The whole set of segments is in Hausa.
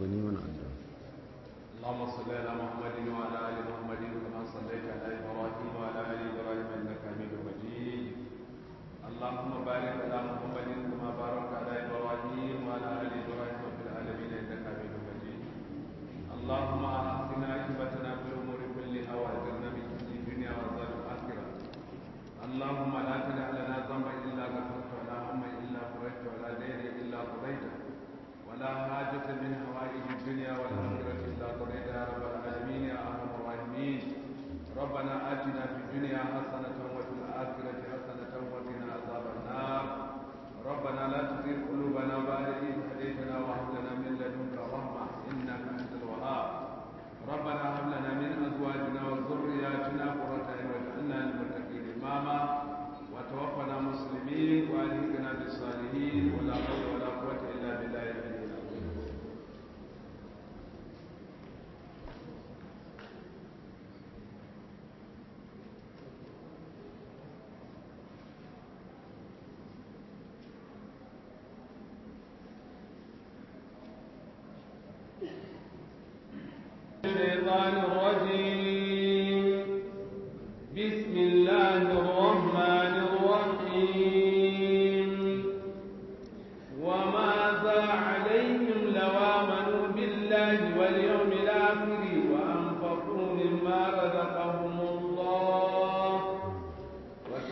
wani mana addu'a اللهم صل على محمد وعلى ال محمد كما صليت على ابراهيم وعلى ال ابراهيم انك حميد مجيد اللهم بارك على محمد كما باركت على ابراهيم وعلى ال ابراهيم في العالمين انك حميد مجيد اللهم احسن عاقبتنا في الامور كلها واجرنا من كل الدنيا وعذاب الاخره اللهم لا تدع لنا ذنبا الا غفرته ولا هما الا فرجته ولا دين الا قضيته ولا حاجه منها الدنيا والآخرة إلا قضيتها رب العالمين يا أرحم الراحمين ربنا آتنا في الدنيا حسنة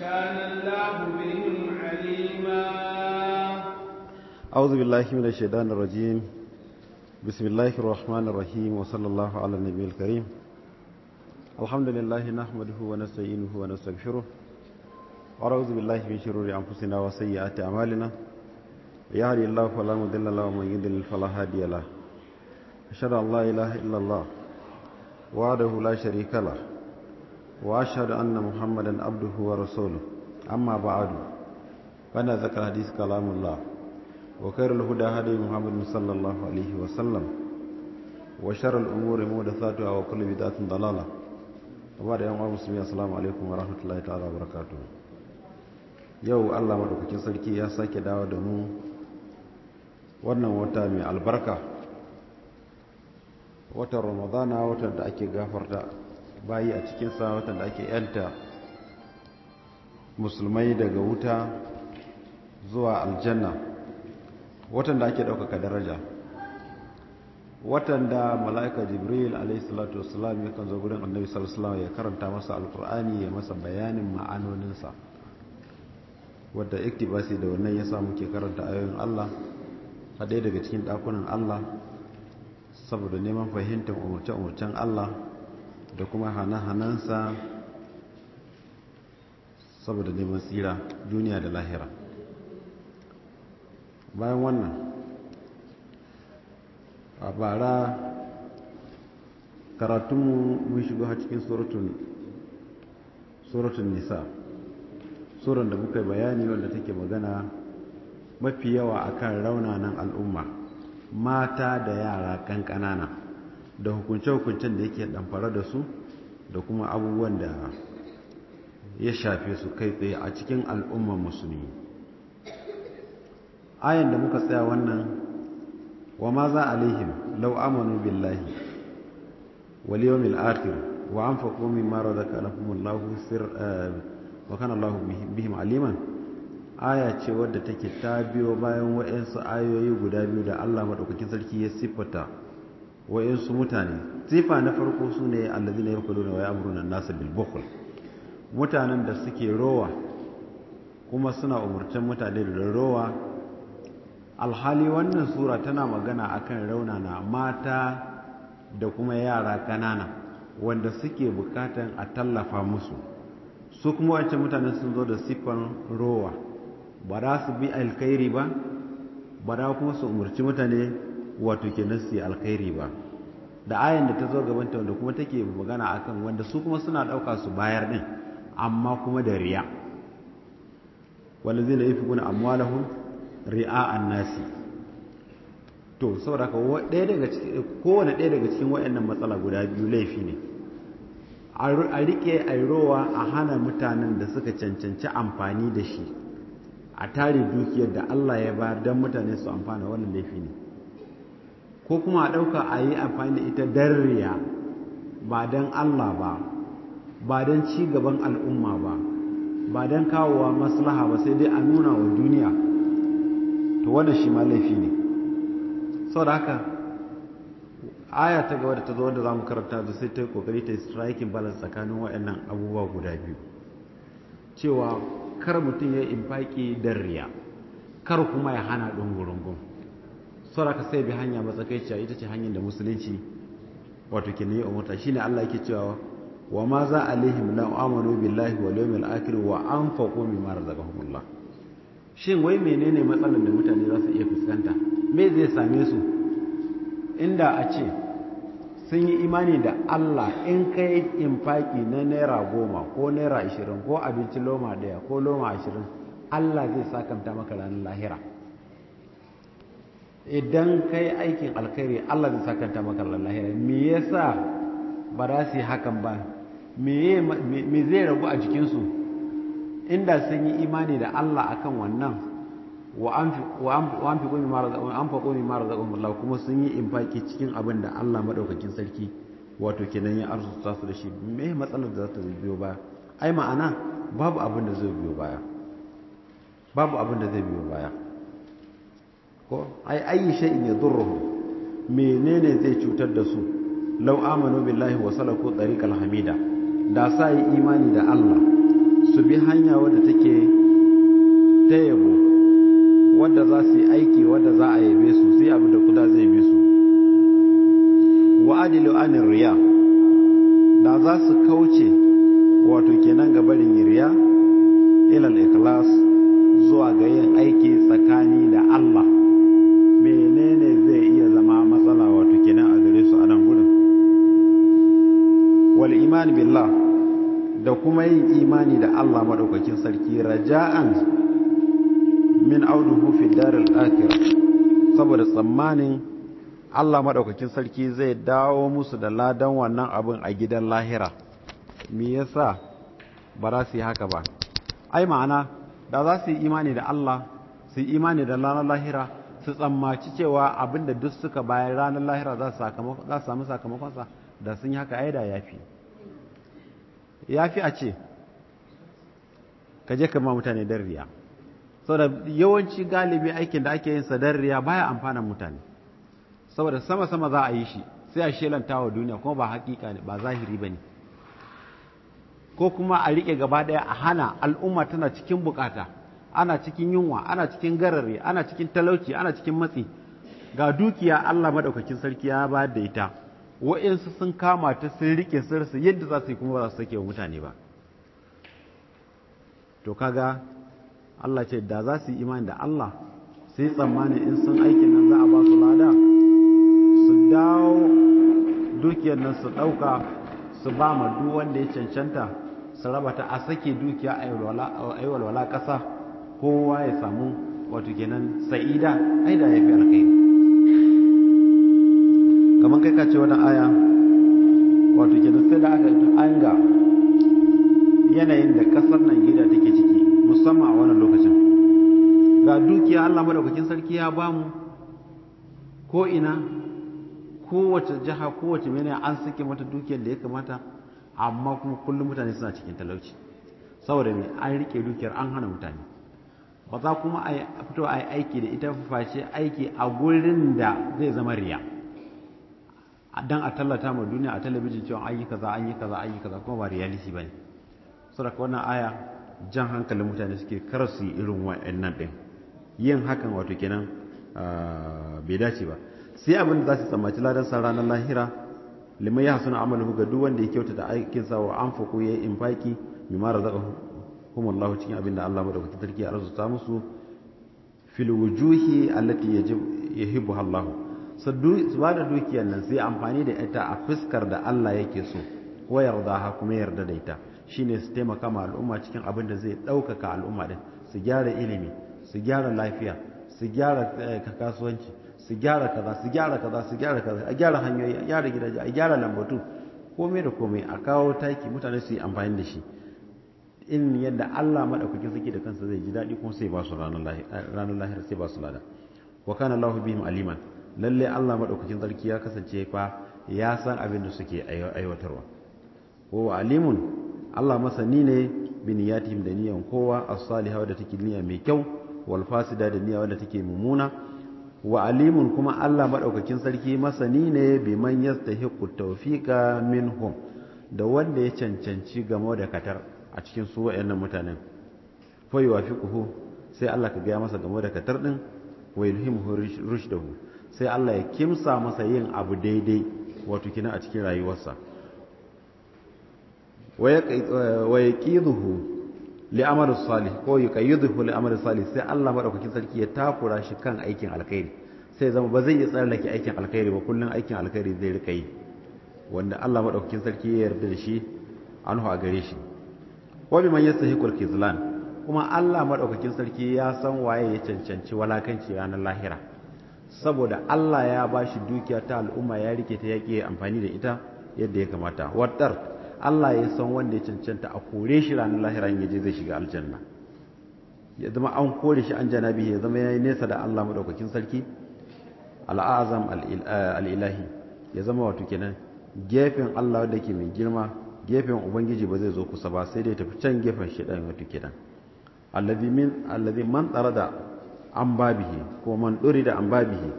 الله بهم عليما أعوذ بالله من الشيطان الرجيم بسم الله الرحمن الرحيم وصلى الله على النبي الكريم الحمد لله نحمده ونستعينه ونستغفره أعوذ بالله من شرور أنفسنا وسيئات أعمالنا يهدي الله فلا مضل له ومن يضلل فلا هادي له أشهد أن لا إله إلا الله وحده لا شريك له وأشهد أن محمدا عبده ورسوله أما بعد فأنا ذكر حديث كلام الله وخير الهدى هدي محمد صلى الله عليه وسلم وشر الأمور محدثاتها وكل بدعة ضلالة وبعد يوم المسلمين السلام عليكم ورحمة الله تعالى وبركاته yau Allah madaukakin sarki ya sake dawo da mu wannan wata mai albarka watan ramadana watan da ake gafarta bayi a cikinsa watan da ake yanta musulmai daga wuta zuwa aljanna watan da ake ɗaukaka daraja watan da mala'ika jibril alaihissalatu wasalam ya kan zo gudun annabi sallallahu ya karanta masa alkur'ani ya masa bayanin ma'anoninsa wadda iktibasi da wannan ya samu ke karanta ayoyin allah a ɗaya daga cikin ɗakunan allah saboda neman fahimtar umarce-umarcen allah da kuma hana hanansa saboda neman tsira duniya da lahira bayan wannan a bara karatunmu mun shigo a cikin suratun nisa tsoron da muka bayani wanda take magana mafi yawa akan raunanan al'umma mata da yara ƙanƙanana da hukunce-hukuncen da yake ɗamfara da su da kuma abubuwan da ya shafe su kai tsaye a cikin al'ummar musulmi ayan da muka tsaya wannan wa ma za alaihim law amanu billahi wal yawmil akhir wa anfaqu mimma razaqahumullahu sir eh, wa kana Allahu bihim aliman aya ce wadda take ta biyo bayan waɗansu ayoyi guda biyu da Allah madaukakin sarki ya siffata su mutane sifa na farko su ne allazi na yankulu na waya amurunan nasa bilbukul mutanen da suke rowa kuma suna umurtan mutane da rowa alhali wannan sura tana magana akan raunana mata da kuma yara kanana wanda suke bukatan a tallafa musu su kuma wace mutane sun zo da siffan rowa ba za su bi alkhairi ba ba za kuma su umarci mutane wato ke nasi alkhairi ba da ayan da ta zo gabanta ta wanda kuma take magana akan wanda su kuma suna ɗauka su bayar din amma kuma da riya walazina yafquna amwalahum ri'a annasi to saboda haka ɗaya daga cikin kowane ɗaya daga cikin wayannan matsala guda biyu laifi ne a rike a a hana mutanen da suka cancanci amfani da shi a tare dukiyar da Allah ya bayar don mutane su amfana wannan laifi ne ko kuma a ɗauka a yi amfani da ita darriya ba don Allah ba ba don ci gaban al'umma ba ba don kawowa maslaha ba sai dai a nuna wa duniya to wannan shi ma laifi ne saboda haka aya ta gaba da ta zo wanda za mu karanta da sai ta yi kokari ta yi striking balance tsakanin waɗannan abubuwa guda biyu cewa kar mutum ya infaki don riya kar kuma ya hana ɗungurungun ka sai bi hanya matsakaiciya ita ce hanyar da musulunci wato ke niyi umarta ne Allah yake cewa wa ma za lihim la amanu billahi wa yawmil akhir wa mara mimma razaqahumullah shin wai menene matsalar da mutane za su iya fuskanta me zai same su inda a ce sun yi imani da Allah in kai infaki na naira goma ko naira ashirin ko abinci loma ɗaya ko loma ashirin Allah zai sakamta maka ranar lahira idan kai aikin alkhairi Allah zai sakanta maka lahira me yasa ba za su yi hakan ba me zai ragu a jikinsu inda sun yi imani da Allah akan wannan wa an fi kome mara zaɓon an fa kome mara zaɓon Allah kuma sun yi infaki cikin abin da Allah maɗaukakin sarki wato kenan ya ta su da shi me matsalar da za ta biyo ba ai ma'ana babu abin da zai biyo baya babu abin da zai biyo baya ko ai ayi shay'in yadurruhum menene zai cutar da su law amanu billahi wa salaku tariqal hamida da sa yi imani da Allah su bi hanya wadda take ta yabo wadda za su yi aiki wadda za a yabe su sai abu da kuda zai bi su wa adilu anir riya da za su kauce wato kenan ga barin riya ilal ikhlas zuwa ga yin aiki tsakani da Allah imani billah da kuma yin imani da Allah madaukakin sarki raja'an min auduhu fi daril akhirah saboda tsammanin Allah Maɗaukakin sarki zai dawo musu da ladan wannan abin a gidan lahira me yasa ba za su yi haka ba ai ma'ana da za su yi imani da Allah su yi imani da ranar lahira su tsammaci cewa abinda duk suka bayan ranar lahira za su samu sakamakonsa da sun yi haka ai da yafi ya fi a ce ka je ka ma mutane dan riya saboda yawanci galibi aikin da ake yin sa dan riya baya amfanan mutane saboda sama sama za a yi shi sai a shelanta wa duniya kuma ba hakika ne ba zahiri ba ne ko kuma a riƙe gaba ɗaya a hana al'umma tana cikin bukata ana cikin yunwa ana cikin garare ana cikin talauci ana cikin matsi ga dukiya Allah madaukakin sarki ya bayar da ita wa'insu sun kama ta sun rike sirsu yadda za su yi kuma ba za su sake wa mutane ba to kaga Allah ce da za su yi imani da Allah su yi tsammanin in sun aikin nan za a ba su lada su dawo dukiyar nan su ɗauka su ba ma duk wanda ya cancanta su raba ta a sake dukiya a yi walwala ƙasa kowa ya samu wato kenan sa'ida ai da ya fi alkhairi kamar kai ka ce wani aya wato kenan sai da aka anga yanayin da kasar Najeriya take ciki musamman a wani lokacin ga dukiya Allah madaukakin sarki ya bamu ko ina kowace jiha kowace mene an sake mata dukiyar da ya kamata amma kuma kullum mutane suna cikin talauci saboda me an rike dukiyar an hana mutane ba za kuma a fito a yi aiki da ita face aiki a gurin da zai zama riya dan a tallata ma duniya a talabijin cewa an yi kaza an yi kaza an yi kaza kuma ba reality bane saboda wannan aya jan hankalin mutane suke kar su yi irin wa'annan din yin hakan wato kenan ah, bai dace ba sai abin da za su tsammaci ladan sa ranar lahira liman ya hasuna amalu ga duk wanda ya kyautata aikin sa wa anfaqu ya infaki mimma razaqahum Allah cikin abin da Allah madaukakin sarki ya arzuta musu fil wujuhi allati yajib yahibbu Allah su ba da dukiyar nan sai amfani da ita a fuskar da Allah yake so wayar yarda ha kuma yarda da ita shine su taimaka ma al'umma cikin abin da zai ɗaukaka al'umma din su gyara ilimi su gyara lafiya su gyara eh, kasuwanci su gyara kaza su gyara kaza su gyara kaza a gyara hanyoyi a gyara gidaje a gyara lambatu komai da komai a kawo taki mutane su yi amfani da shi in yadda Allah madaukakin saki da kansa zai ji daɗi kuma sai ba su ranar lahira sai ba su lada wa kana Allahu bihim aliman lalle Allah maɗaukakin sarki ya kasance fa ya san abin da suke aiwatarwa wa alimun Allah masani ne bin yatim da niyan kowa as-salihah da take niyya mai kyau wal fasida da niyya wanda take mummuna. wa alimun kuma Allah maɗaukakin sarki masani ne biman yastahiqu tawfika minhum da wanda ya cancanci gamo da katar a cikin su wayannan mutanen fa yuwafiquhu sai Allah ka gaya masa gamo da katar din wa da rushdahu sai Allah ya kimsa masa yin abu daidai wato kina a cikin rayuwarsa wa yaqiduhu li amali salih ko li salih sai Allah madaukakin sarki ya takura shi kan aikin alkhairi sai zama ba zai iya tsallake aikin alkhairi ba kullum aikin alkhairi zai rika yi wanda Allah madaukakin sarki ya yarda da shi anhu a gare shi wa biman yastahiqul kizlan kuma Allah madaukakin sarki ya san waye ya cancanci walakanci ranar lahira saboda Allah ya bashi dukiya ta al'umma ya rike ta yake amfani da ita yadda ya kamata wadar Allah ya san wanda ya cancanta a kore shi ranar lahiran ya je zai shiga aljanna ya zama an kore shi an janabi ya zama ya yi nesa da Allah madaukakin sarki al'azam eh, al'ilahi ya zama wato kenan gefen Allah da ke mai girma gefen ubangiji ba zai zo kusa ba sai dai tafi can gefen shedan wato kenan allazi min allazi man an babihi ko man da an babihi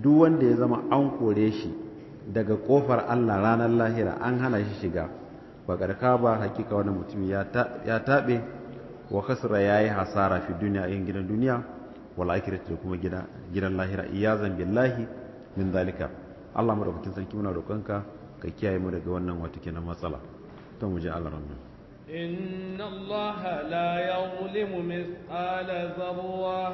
duk wanda ya zama an kore shi daga ƙofar Allah ranar lahira an hana shi shiga ba ƙarƙa ba hakika wani mutum ya taɓe wa kasra ya yi hasara fi duniya yin gidan duniya wala akirati da kuma gidan lahira iyazan lahi min zalika Allah madaukakin sarki muna roƙonka ka kiyaye mu daga wannan wata kenan matsala ta mu ji Allah إن الله لا يظلم مثقال ذرة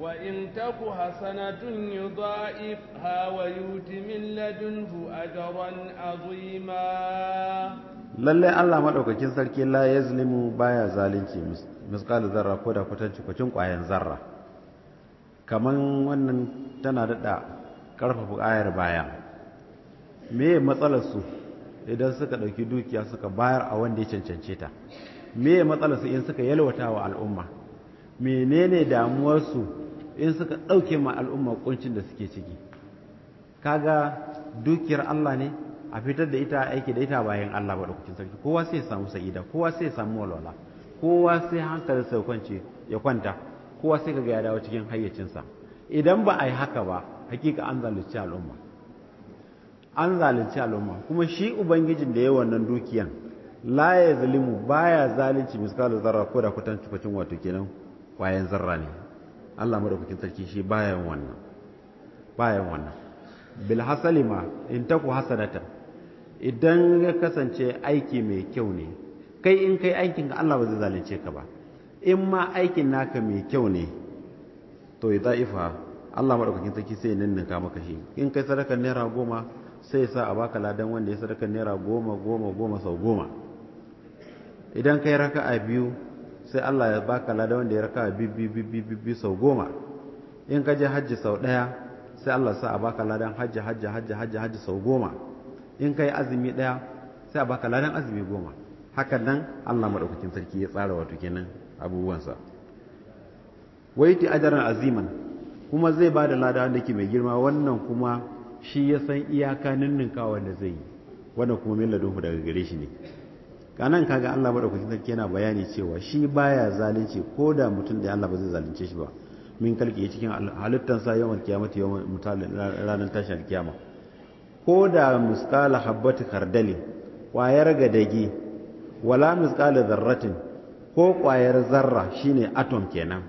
وإن تك حسنة يضاعفها ويؤت من لدنه أجرا عظيما lallai Allah maɗaukacin sarki la ya zulimu baya zalunci misƙalu zarra ko da kwatanci kwacin ƙwayan zarra kamar wannan tana daɗa ƙarfafa ayar baya me matsalarsu idan suka ɗauki dukiya suka bayar a wanda ya cancance ta me matsalar su in suka yalwata wa al'umma menene damuwarsu in suka ɗauke ma al'umma kuncin da suke ciki kaga dukiyar Allah ne a fitar da ita aiki da ita bayan Allah ba lokacin sarki kowa sai ya samu sa'ida kowa sai ya samu walwala kowa sai hankali sai kwance ya kwanta kowa sai kaga ya dawo cikin hayyacinsa idan ba a yi haka ba hakika an zalunci al'umma an zalunci al'umma kuma shi ubangijin da ya wannan dukiyan la ya zalimu baya zalunci misalu zarra ko da kutan cikin wato kenan kwayan zarra ne Allah madaukakin sarki shi bayan wannan bayan wannan bil hasalima in taku hasanata idan ya kasance aiki mai kyau ne kai in kai aikin ka Allah ba zai zalunce ka ba in ma aikin naka mai kyau ne to ya taifa, Allah madaukakin sarki sai ya ninninka maka shi in kai sadakar naira goma sai sa a baka ladan wanda ya sadaka naira goma goma goma sau goma idan kai raka'a biyu sai Allah ya baka ladan wanda ya raka'a biyu sau goma in ka je hajji sau ɗaya sai Allah sa a baka ladan hajji hajji hajji hajji hajji sau goma in kai azumi ɗaya sai a baka ladan azumi goma hakan nan Allah madaukakin sarki ya tsara wato kenan abubuwansa waiti ajaran aziman kuma zai ba da lada wanda ke mai girma wannan kuma shi ya san iyaka ninninka wanda zai yi wanda kuma mila duhu daga gare shi ne kanan kaga Allah kusa sarki yana bayani cewa shi baya zalunci ko da mutum da Allah ba zai zalunce shi ba min kalki cikin halittansa yawan kiyamata yawan mutalin ranar tashin kiyama ko da misqala habbati kardali kwayar gadage wala misqala zarratin ko kwayar zarra shine atom kenan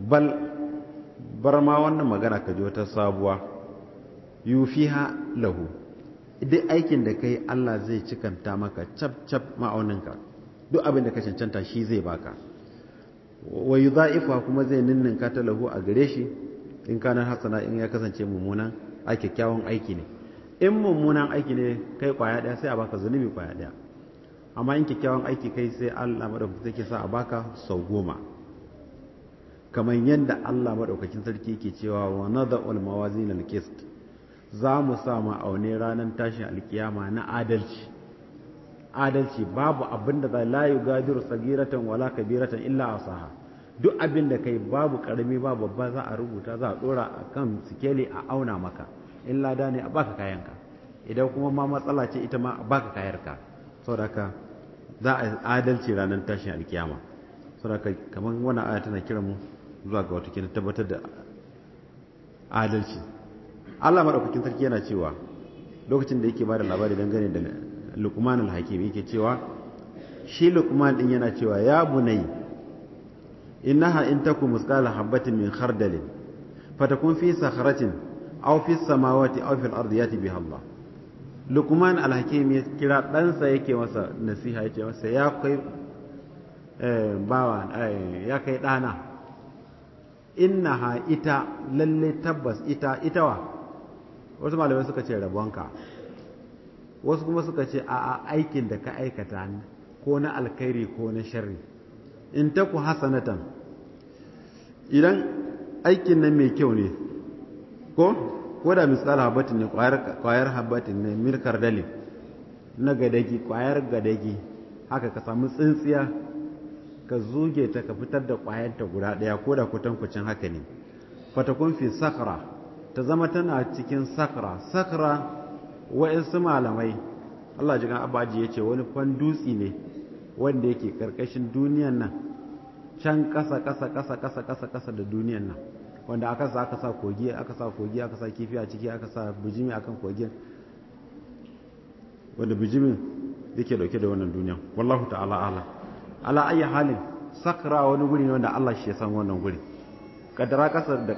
bal bar ma wannan magana ka ji wata sabuwa yufiha lahu duk aikin da kai Allah zai cikanta maka cap cap ma'auninka duk abin da ka cancanta shi zai baka wa yudha'ifa kuma zai ninninka ta lahu a gare shi in kana hasana in ya kasance mummunan a kyakkyawan aiki ne in mummunan aiki ne kai kwaya daya sai a baka zunubi kwaya daya amma in kyakkyawan aiki kai sai Allah madaukaki take sa a baka sau goma kamar yadda Allah madaukakin sarki yake cewa wa nadha'ul mawazinal qist za mu sa ma'aune ranar tashin alkiyama na adalci adalci babu abin da layu gajiru sagiratan wala kabiratan illa a saha duk abin da kai babu karami ba babba za a rubuta za a dora kan sikeli a auna maka illa da ne a baka kayanka idan kuma ma matsala ce ita ma a baka kayarka saboda za a adalci ranar tashin alkiyama saboda kamar wannan aya tana kiran mu zuwa ga wata tabbatar da adalci Allah maɗaukakin sarki yana cewa lokacin da yake ba da labari dangane da lukman al-Hakim yake cewa shi lukman din yana cewa ya bunai innaha in taku muskala habatin min khardal fatakun fi sakharatin aw fi samawati aw fil ardi yati biha Allah lukman al-Hakim ya kira ɗansa yake masa nasiha yake masa ya kai eh, bawa eh, ya kai ɗana innaha ita lalle tabbas ita itawa wasu malamai suka ce rabonka wasu kuma suka ce a aikin da ka aikata ko na alkhairi ko na sharri in taku hasanatan idan aikin nan mai kyau ne ko da misal habatin ne kwayar habatin ne milkar dali na gadagi kwayar gadagi haka ka samu tsintsiya ka zuge ta ka fitar da kwayarta guda daya ko da kutankucin haka ne fatakun fi sakara ta zama tana cikin sakra sakra wa'insu malamai Allah jikan abaji ya ce wani fan dutsi ne wanda yake karkashin duniyan nan can kasa kasa kasa kasa kasa kasa da duniyan nan wanda aka sa aka sa kogi aka sa kogi aka sa kifi a ciki aka sa bijimi akan kogin wanda bijimin yake dauke da wannan duniyan wallahu ta'ala ala ala ayi halin sakra wani guri ne wanda Allah shi ya san wannan guri kadara kasar da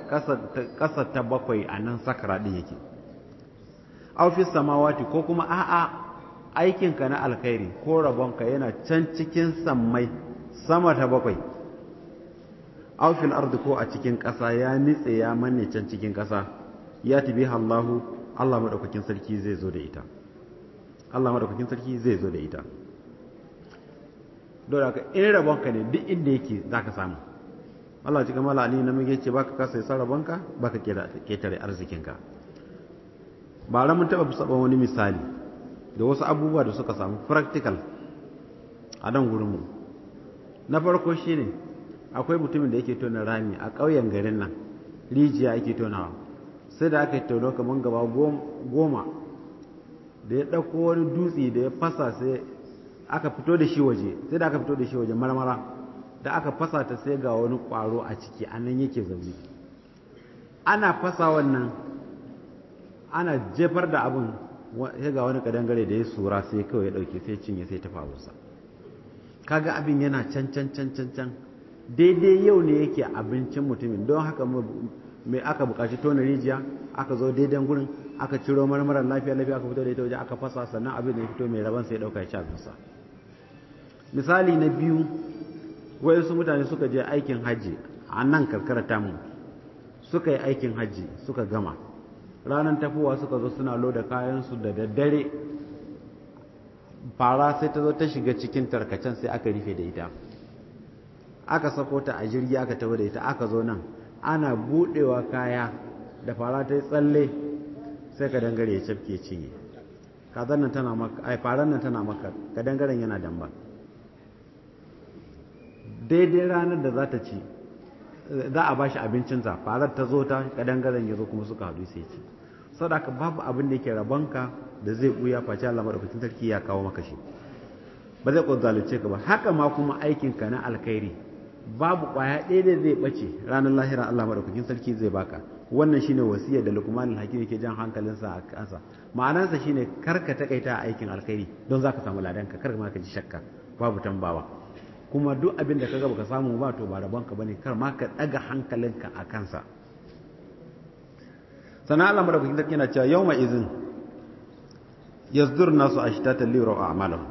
kasar ta bakwai a nan sakara din yake aw fi samawati ko kuma aikin aikinka na alkhairi ko rabon ka yana can cikin sammai sama ta bakwai aw fil ardi ko a cikin ƙasa ya nitse ya manne can cikin ƙasa ya tibiha Allahu Allah madaukakin sarki zai zo da ita Allah madaukakin sarki zai zo da ita don ka in ka ne duk inda yake zaka samu Allah cikin mala ne namiji ce baka kasa yasa ka baka ketare arzikinka ba ran mun taba saba wani misali da wasu abubuwa da suka samu practical a nan gurin mu na farko shine akwai mutumin da yake tona rami a ƙauyen garin nan rijiya yake tonawa sai da aka tono kamar gaba goma da ya ɗauko wani dutse da ya fasa sai aka fito da shi waje sai da aka fito da shi waje marmara da aka fasa ta sai ga wani ƙwaro a ciki anan yake zaune ana fasa wannan ana jefar da abin sai ga wani kadangare da ya sura sai kawai ya dauke sai cinye sai tafa wasa kaga abin yana can can can can can daidai yau ne yake abincin mutumin don haka mai aka bukaci tona rijiya aka zo daidai gurin aka ciro marmaran lafiya lafiya aka fito da ita waje aka fasa sannan abin da ya fito mai rabon sai dauka ya ci misali na biyu su mutane suka je aikin hajji a nan karkara tamu suka yi aikin hajji suka gama ranar tafowa suka zo suna loda kayansu da daddare fara sai ta zo ta shiga cikin tarkacen sai aka rufe da ita aka sako ta a jirgi aka tafi da ita aka zo nan ana budewa kaya da fara ta yi tsalle sai ka dangare ya cafke cinye ka nan tana maka ai faran nan tana maka ka dangaren yana damba daidai ranar da za ta ci za a bashi abincinsa farar ta zo ta kadangaren ya zo kuma suka haɗu sai ci sadaka babu abin da yake rabonka da zai buya face Allah madaukakin sarki ya kawo maka shi ba zai zalunce ka ba haka ma kuma aikin ka na alkhairi babu kwaya ɗaya da zai ɓace ranar lahira Allah madaukakin sarki zai baka wannan shine wasiyar da lukmanin al da yake jan hankalinsa a kansa ma'anarsa shine kar karka takaita aikin alkhairi don za ka samu ladanka karka ma ka ji shakka babu tambawa kuma duk abin da kaga baka samu ba to ba rabonka bane kar ma ka daga hankalinka a kansa sana Allah madaukakin sarki yana cewa yawma izin yasdur nasu ashtatan li ra'a a'malahum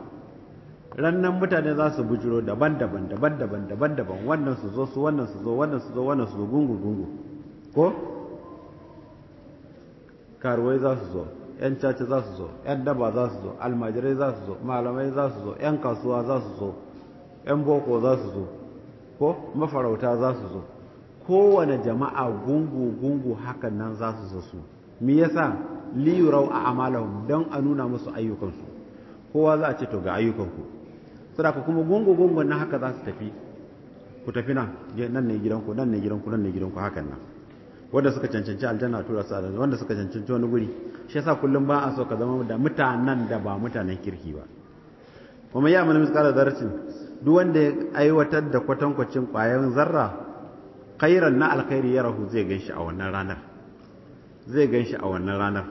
rannan mutane za su bujiro daban-daban daban-daban daban-daban wannan su zo su wannan su zo wannan su zo wannan su zo gungu gungu ko karuwai za su zo yan caca za su zo yan daba za su zo almajirai za su zo malamai za su zo yan kasuwa za su zo 'yan boko za su zo ko mafarauta za su zo kowane jama'a gungu-gungu hakan nan za su zo su me yasa liyurau a amalahum don a nuna musu ayyukansu kowa za a ce to ga ayyukanku sadaka kuma gungu-gungu na haka za su tafi ku tafi nan nan ne gidanku nan ne gidanku nan ne gidanku hakan nan wanda suka cancanci aljanna tura su aljanna wanda suka cancanci wani guri shi yasa kullum ba a so ka zama da mutanen da ba mutanen kirki ba kuma ya mana misqala darasin duk wanda ya aiwatar da kwatankwacin ƙwayan zarra ƙairan na alkhairi ya rahu zai ganshi a wannan ranar zai ganshi a wannan ranar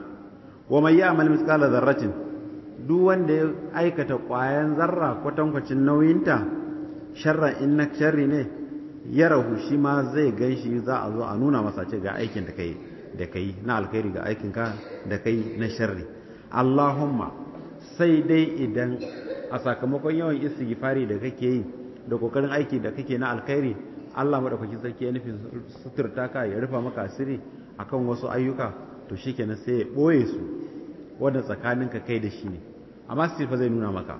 wa mai ya'mal miskala zarracin duk wanda ya aikata ƙwayan zarra kwatankwacin nauyinta sharra in na sharri ne ya rahu shi ma zai ganshi za a zo a nuna masa ce ga aikin da kai da na alkhairi ga aikin ka da kai na sharri Allahumma sai dai idan a sakamakon yawan istighfari da kake yi da kokarin aiki da kake na alkhairi Allah madaukakin sarki ya nufi suturta ka ya rufa maka asiri akan wasu ayyuka to shikenan sai ya boye su wanda tsakaninka kai da shi ne amma sifa zai nuna maka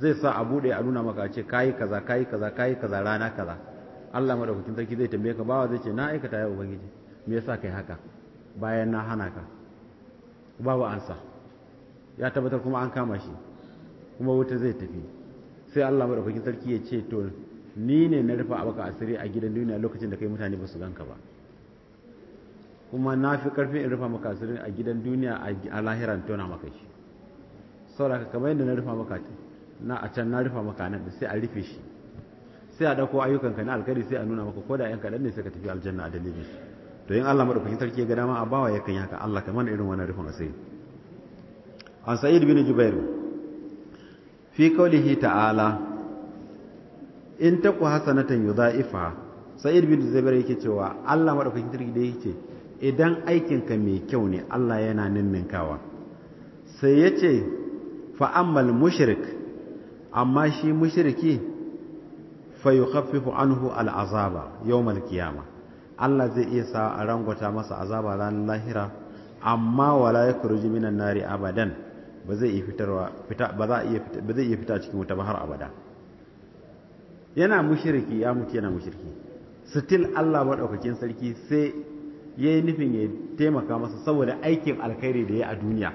zai sa a bude a nuna maka a ce kayi kaza kayi kaza kayi kaza rana kaza Allah madaukakin sarki zai tambaye ka bawa zai ce na aikata ya ubangiji me yasa kai haka bayan na hana ka babu ansa ya tabbatar kuma an kama shi kuma wuta zai tafi sai Allah madaukakin sarki ya ce to ni ne na rufa abaka asiri a gidan duniya lokacin da kai mutane ba su ganka ba kuma na fi karfi in rufa maka asiri a gidan duniya a lahiran tona maka shi saboda kamar yadda na rufa maka na a can na rufa maka nan sai a rufe shi sai a dauko ka na alkhairi sai a nuna maka ko da yan kaɗan ne sai ka tafi aljanna a dalilin shi to yin Allah madaukakin sarki ya ga dama a bawa yakan yi haka Allah kamar irin wannan rufin asiri an sa'id bin jubairu fi kaulihi ta'ala in ta ku hasanatan yudha'ifa sa'id bin zubair yake cewa Allah madaukakin sarki da yake idan ka mai kyau ne Allah yana ninninkawa sai yace fa ammal mushrik amma shi mushriki fa yukhaffifu anhu al'azaba yawmal qiyama Allah zai iya sa a rangwata masa azaba ranar lahira amma wala ya minan nari abadan ba zai iya fitarwa fita ba za ba zai iya fita cikin wuta ba har abada yana mushriki ya mutu yana mushriki still Allah madaukakin sarki sai yayi nufin ya taimaka masa saboda aikin alkhairi da ya a duniya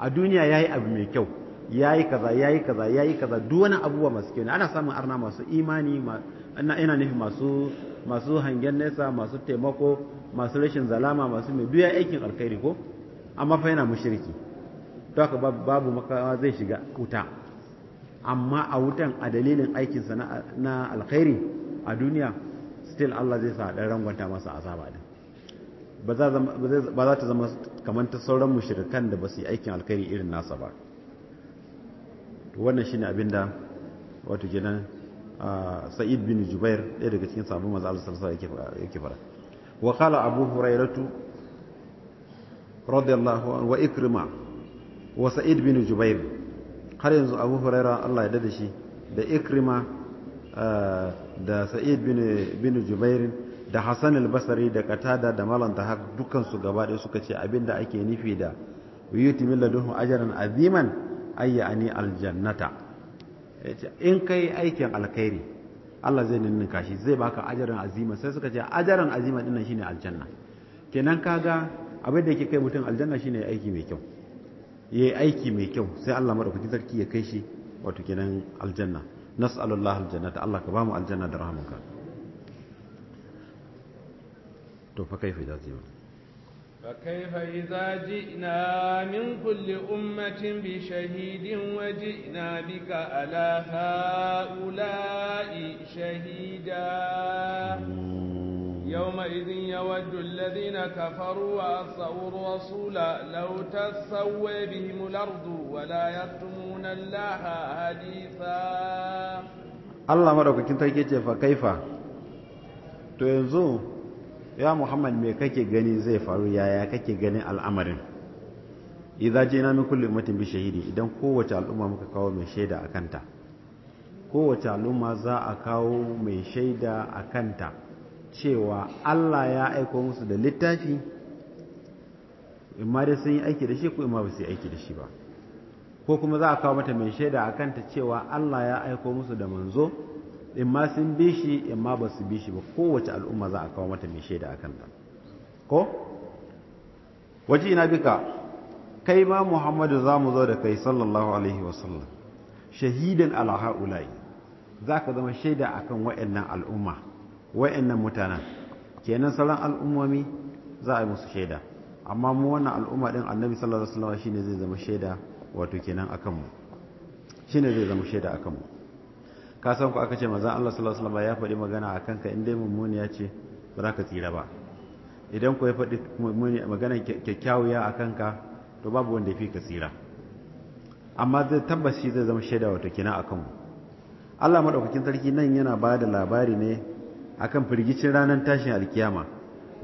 a duniya yayi abu mai kyau yayi kaza yayi kaza yayi kaza duk wani abubuwa masu kyau ana samun arna masu imani ina nufin masu hangen nesa masu taimako masu rashin zalama masu mai duk aikin alkhairi ko amma fa yana mushriki to haka babu makawa zai shiga wuta amma a wutan a dalilin aikinsa na alkhairi a duniya still Allah zai sa dan rangwanta masa azaba din ba za ta zama kamar ta sauran mushrikan da ba su yi aikin alkhairi irin nasa ba to wannan shine abin da wato kenan Sa'id bin Jubair ɗaya daga cikin sabon manzo Allah sallallahu alaihi wasallam yake fara wa qala Abu hurairatu radiyallahu anhu wa ikrima wa sa'id bin jubair har yanzu abu huraira Allah ya dada shi da ikrima eh, da sa'id bin jubair da hassan albasari da katada da malam ta har dukansu gaba ɗaya suka ce abinda ake nufi da yuti min ladunhu ajran aziman ayyani aljannata in kai aikin alkhairi Allah zai ninninka shi zai baka ajaran azima sai suka ce ajaran azima dinnan shine aljanna kenan kaga abin da yake kai mutum aljanna shine aiki mai kyau yayi aiki mai kyau sai Allah madaukakin sarki ya kai shi wato kenan aljanna nas'alullahi aljannata Allah ka mu aljanna da rahmanka to fa kai fa ji'na fa kaifa idza ji'na min kulli ummatin bi shahidin wa ji'na bika ala ha'ula'i shahida يومئذ يود الذين كفروا وأصوا الرسول لو تسوي بهم الأرض ولا يكتمون الله حديثا Allah madaukakin sarki ce fa kaifa to yanzu ya Muhammad me kake gani zai faru yaya kake ganin al'amarin idza jina min kulli ummatin bi shahidi idan kowace al'umma muka kawo mai shaida a kanta kowace al'umma za a kawo mai shaida a kanta cewa Allah ya aiko musu da littafi imma dai sun yi aiki da shi ko imma ba su yi aiki da shi ba ko kuma za a kawo mata mai shaida a kanta cewa Allah ya aiko musu da manzo imma sun bi shi imma ba su bi shi ba kowace al'umma za a kawo mata mai shaida a kanta ko waje ina bika kai ma Muhammadu za mu zo da kai sallallahu alaihi wa sallam, shahidan ala ha'ulai za ka zama shaida akan waɗannan al'umma wa'annan mutanen kenan sauran al'ummomi za a yi musu shaida amma mu wannan al'umma din annabi sallallahu alaihi wasallam shine zai zama shaida wato kenan akan mu shine zai zama shaida akan mu ka san ku aka ce manzon Allah sallallahu alaihi wasallam ya faɗi magana akan ka in dai mummuni ce ba za ka tsira ba idan ku ya faɗi magana kyakkyawiya akan ka to babu wanda ya fi ka tsira amma zai tabbaci zai zama shaida wato kenan akan mu Allah madaukakin sarki nan yana bada labari ne akan firgicin ranar tashin alkiyama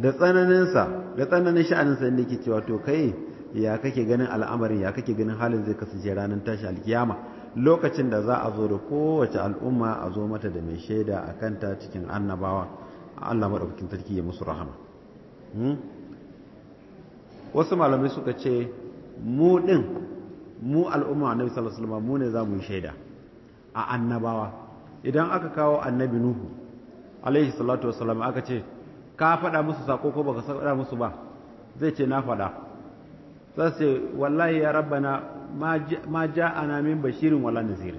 da tsananinsa da tsananin sha'aninsa inda yake cewa to kai ya kake ganin al'amarin ya kake ganin halin zai kasance ranar tashin alkiyama lokacin da za a zo da kowace al'umma a zo mata da mai shaida a kanta cikin annabawa Allah maɗaukakin sarki ya musu rahama hmm? wasu malamai suka ce mu ɗin mu al'umma annabi sallallahu alaihi wasallam mu ne za mu yi shaida a annabawa idan aka kawo annabi nuhu alaihi salatu wassalam aka ce ka faɗa musu sako ko baka faɗa musu ba zai ce na faɗa sai ce wallahi ya rabbana ma ja ana min bashirin wala nazir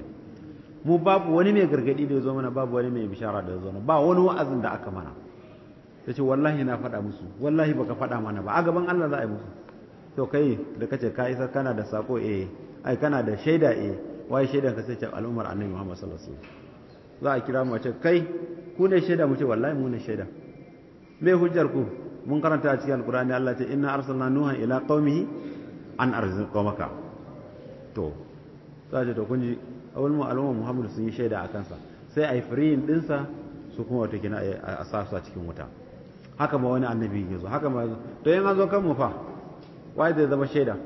mu babu wani mai gargadi da zo mana babu wani mai bishara da zo mana ba wani wa'azin da aka mana sai ce wallahi na faɗa musu wallahi baka faɗa mana ba a gaban Allah za a yi musu to kai da kace ka isa kana da sako eh ai kana da shaida eh wai shaidan ka sai ce al'ummar annabi Muhammad sallallahu alaihi wasallam za a kira mu a ce kai ku ne shaida mu ce wallahi mu ne shaida me hujjar ku mun karanta a cikin alkurani Allah ce inna arsalna nuha ila qaumihi an arzin qaumaka to ce to kun ji mu al'umma Muhammadu sun yi shaida a kansa sai ai firin din sa su kuma wata kina a sa su a cikin wuta haka ma wani annabi ya zo haka ma to in an zo kan mu fa wai zai zama shaida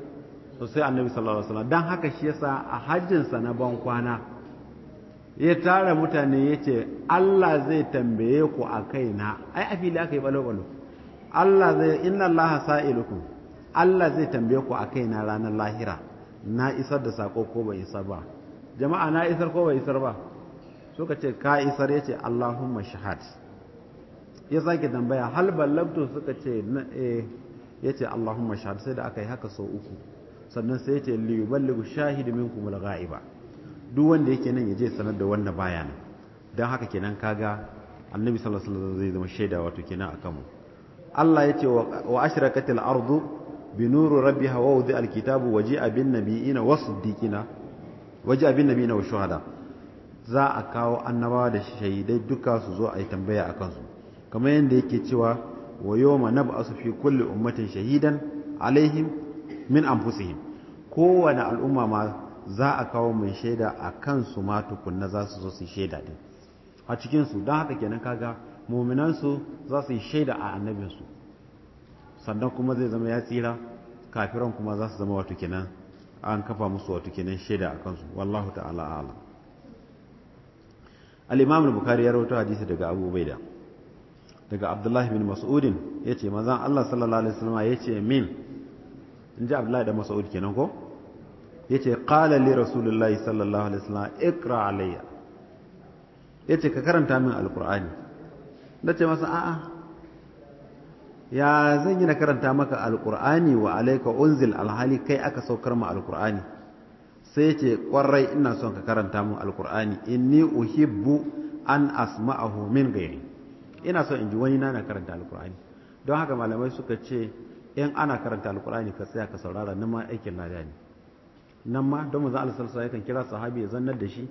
to sai annabi sallallahu alaihi wasallam dan haka shi yasa a hajjinsa na ban kwana ya tara mutane ya ce Allah zai tambaye ku a kaina ai a fili aka yi balo-balo Allah zai inna Allah sa'ilukum Allah zai tambaye ku a kaina ranar lahira na isar da sako ko bai isar ba jama'a na isar ko bai isar ba suka ce ka isar ya ce Allahumma shahad ya sake tambaya hal ballabtu suka ce eh yace Allahumma shahad sai da aka yi haka sau uku sannan sai yace li yuballighu shahidu minkum al-ghaiba duk wanda yake nan ya je sanar da wannan baya nan don haka kenan kaga annabi sallallahu alaihi wasallam zai zama shaida wato kenan akan mu Allah yace wa ashrakatil ardu bi nuru rabbiha wa wudi alkitabu waji'a bin nabiyina wasiddiqina waji'a bin nabiyina wa shuhada za a kawo annabawa da shahidai duka su zo a yi tambaya a kansu kamar yadda yake cewa wa yawma nab'asu fi kulli ummatin shahidan alaihim min anfusihim kowane al'umma ma za a kawo mai shaida a kan su ma tukunna za su zo su shaida din a cikin su don haka kenan kaga muminan za su yi shaida a annabinsu. su sannan kuma zai zama ya tsira kafiran kuma za su zama wato kenan an kafa musu wato kenan shaida a kansu wallahu ta'ala ala al-imam al-bukhari ya rawaito hadisi daga abu daga abdullahi bin mas'udin yace mazan Allah sallallahu alaihi wasallam yace min In ji abdullahi da mas'ud kenan ko Ya ce li rasulullahi sallallahu alaihi wasallam iqra alayya Ya ce ka karanta min Alƙur'ani. da ce masa a'a ya zan yi na karanta maka Alƙur'ani wa alaika unzil alhali kai aka saukar ma Alƙur'ani? sai ya ce ƙwarai ina son ka karanta min In inni uhibbu an asma'ahu min gairi ina son in ji wani na na karanta Alƙur'ani. don haka malamai suka ce in ana karanta Alƙur'ani ka tsaya ka saurara nima aikin lada ne nan ma don mazan Allah yakan kira sahabi ya zannar da shi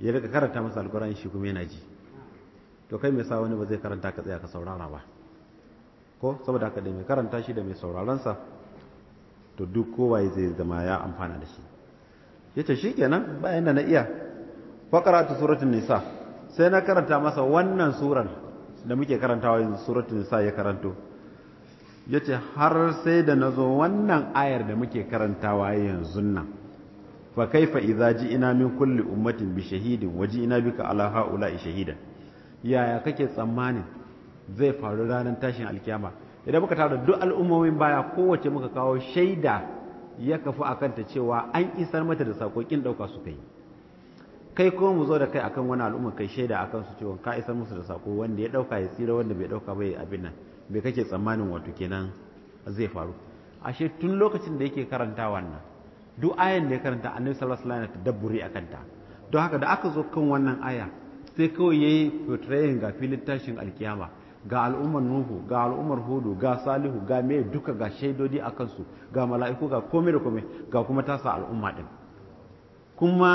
ya rika karanta masa alkur'ani shi kuma yana ji to kai mai sa wani ba zai karanta ka tsaya ka saurara ba ko saboda haka da mai karanta shi da mai sauraron sa to duk kowa zai zama ya amfana da shi yace shikenan bayan da na iya fa suratun nisa sai na karanta masa wannan surar da muke karantawa yanzu suratun nisa ya karanto Ya ce har sai da na zo wannan ayar da muke karantawa yanzu nan fa kaifa idza ji'ina min kulli ummatin bi shahidin wa ji'ina bika ala haula shahida yaya kake tsammanin zai faru ranar tashin alkiyama idan muka tara duk al'ummomin baya kowace muka kawo shaida ya kafu akan ta cewa an isar mata da sakokin dauka su kai kai kuma mu zo da kai akan wani al'umma kai shaida akan su cewa ka isar musu da sako wanda ya dauka ya tsira wanda bai dauka bai abin nan bai kake tsammanin wato kenan zai faru ashe tun lokacin da yake karanta wannan duk ayan da ya karanta annabi sallallahu alaihi wasallam dabburi akan ta don haka da aka zo kan wannan aya sai kawai yayi portraying ga filin tashin alkiyama ga al'ummar nuhu ga al'ummar hudu ga salihu ga me duka ga shaidodi a kansu ga mala'iku ga komai da komai ga kuma tasa al'umma din kuma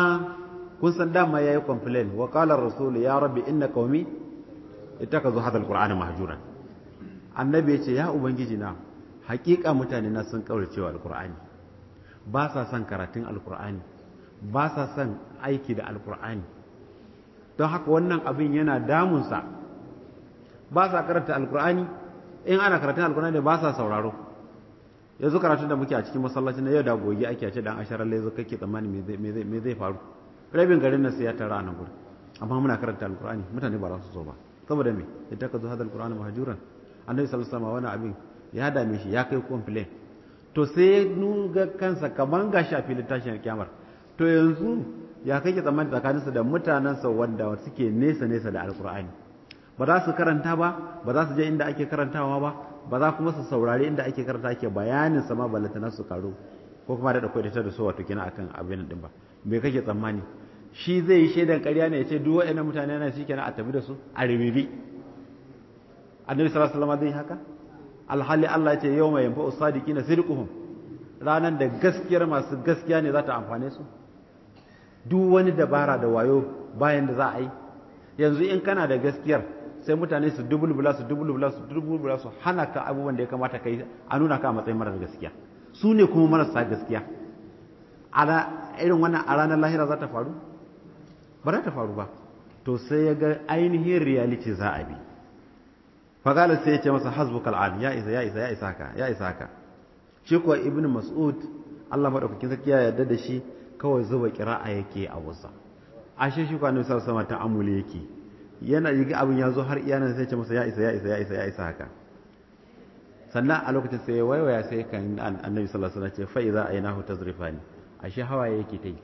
kun san dama yayi complain wa qala rasul ya rabbi inna ita ka zo hadal qurana mahjuran annabi ya ce ya ubangiji na hakika mutane na sun kauracewa alkur'ani ba sa son karatun alkur'ani ba sa son aiki da alkur'ani don haka wannan abin yana damunsa ba sa karanta alkur'ani in ana karatun alkur'ani ba sa sauraro yanzu karatun da muke a cikin masallaci na yau da goge ake ce dan asharar lezo kake tsammani me zai faru rabin garin na sai ya tara nan gurin amma muna karanta alkur'ani mutane ba za su so ba saboda me idan ka zo hadal qur'ani mahjuran annabi sallallahu alaihi wani abin ya dame shi ya kai complain to sai ya nuga kansa kaman ga shafi tashin kyamar to yanzu ya kake tsammani tsakaninsa da mutanensa wanda suke nesa nesa da alkur'ani ba za su karanta ba ba za su je inda ake karantawa ba ba za kuma su saurari inda ake karanta ake bayanin sama balata su karu ko kuma da dakwai ta da so wato kina akan abin din ba me kake tsammani shi zai yi shaidan ƙarya ne ya ce duk waɗannan mutane na shi kenan a tafi da su a ribibi annabi sallallahu alaihi wasallam haka alhali Allah ya ce yau mai yanfa usadiqina sirquhum ranan da gaskiyar masu gaskiya ne za ta amfane su duk wani dabara da wayo bayan da za a yi yanzu in kana da gaskiyar sai mutane su dubulbula su dubulbula su dubulbula su hana ka abubuwan da ya kamata ka a nuna ka a matsayin marar gaskiya su ne kuma marasa gaskiya ala irin wannan a ranar lahira za ta faru ba za ta faru ba to sai ya ga ainihin reality za a bi fagala sai ya ce masa hasbuka al'an ya isa ya isa ya isa ka ya isa ka shi kuwa ibnu mas'ud Allah madaukakin sarki ya yarda da shi kawai zuba a yake a wasa ashe shi kuwa annabi sallallahu alaihi wasallam ta'amuli yake yana yi abin ya zo har iyanan sai ce masa ya isa ya isa ya isa ya isa haka sannan a lokacin sai ya waiwaya sai kan annabi sallallahu alaihi wasallam ce fa idza aynahu tazrifani ashe hawaye yake ta yi